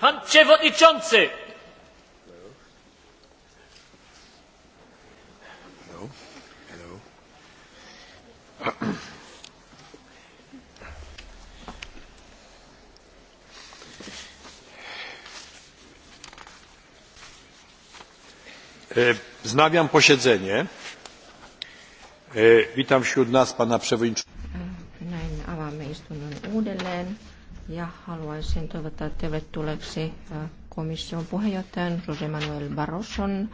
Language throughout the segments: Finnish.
Pan przewodniczący! Hello. Hello. Hello. Wznawiam posiedzenie. E, witam wśród nas pana przewodniczącego. Näin avaamme istunnon uudelleen ja haluaisin toivottaa tervetulleeksi komission puheenjohtajan Jose Manuel Barroson.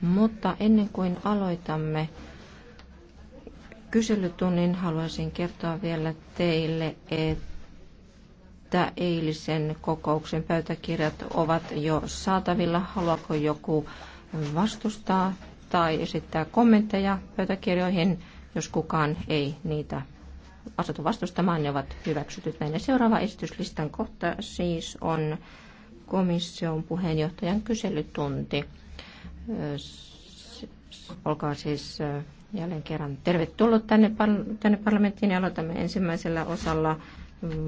Mutta ennen kuin aloitamme kyselytunnin, haluaisin kertoa vielä teille, että eilisen kokouksen pöytäkirjat ovat jo saatavilla. Haluaako joku vastustaa tai esittää kommentteja pöytäkirjoihin, jos kukaan ei niitä asetu vastustamaan, ne ovat hyväksytyt näin. Ja seuraava esityslistan kohta siis on komission puheenjohtajan kyselytunti. Olkaa siis jälleen kerran tervetullut tänne, tänne parlamenttiin ja aloitamme ensimmäisellä osalla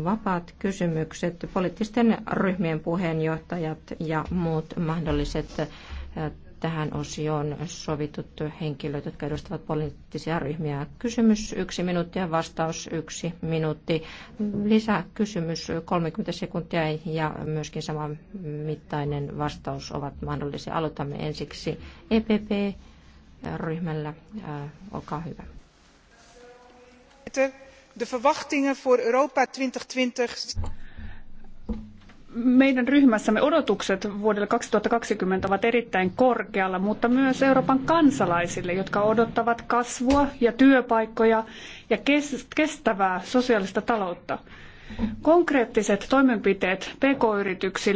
vapaat kysymykset, poliittisten ryhmien puheenjohtajat ja muut mahdolliset tähän osioon sovitut henkilöt, jotka edustavat poliittisia ryhmiä. Kysymys yksi minuutti ja vastaus yksi minuutti. kysymys 30 sekuntia ja myöskin saman mittainen vastaus ovat mahdollisia. Aloitamme ensiksi EPP-ryhmällä. Äh, olkaa hyvä. De verwachtingen voor Europa 2020 meidän ryhmässämme odotukset vuodelle 2020 ovat erittäin korkealla, mutta myös Euroopan kansalaisille, jotka odottavat kasvua ja työpaikkoja ja kestävää sosiaalista taloutta. Konkreettiset toimenpiteet pk-yrityksille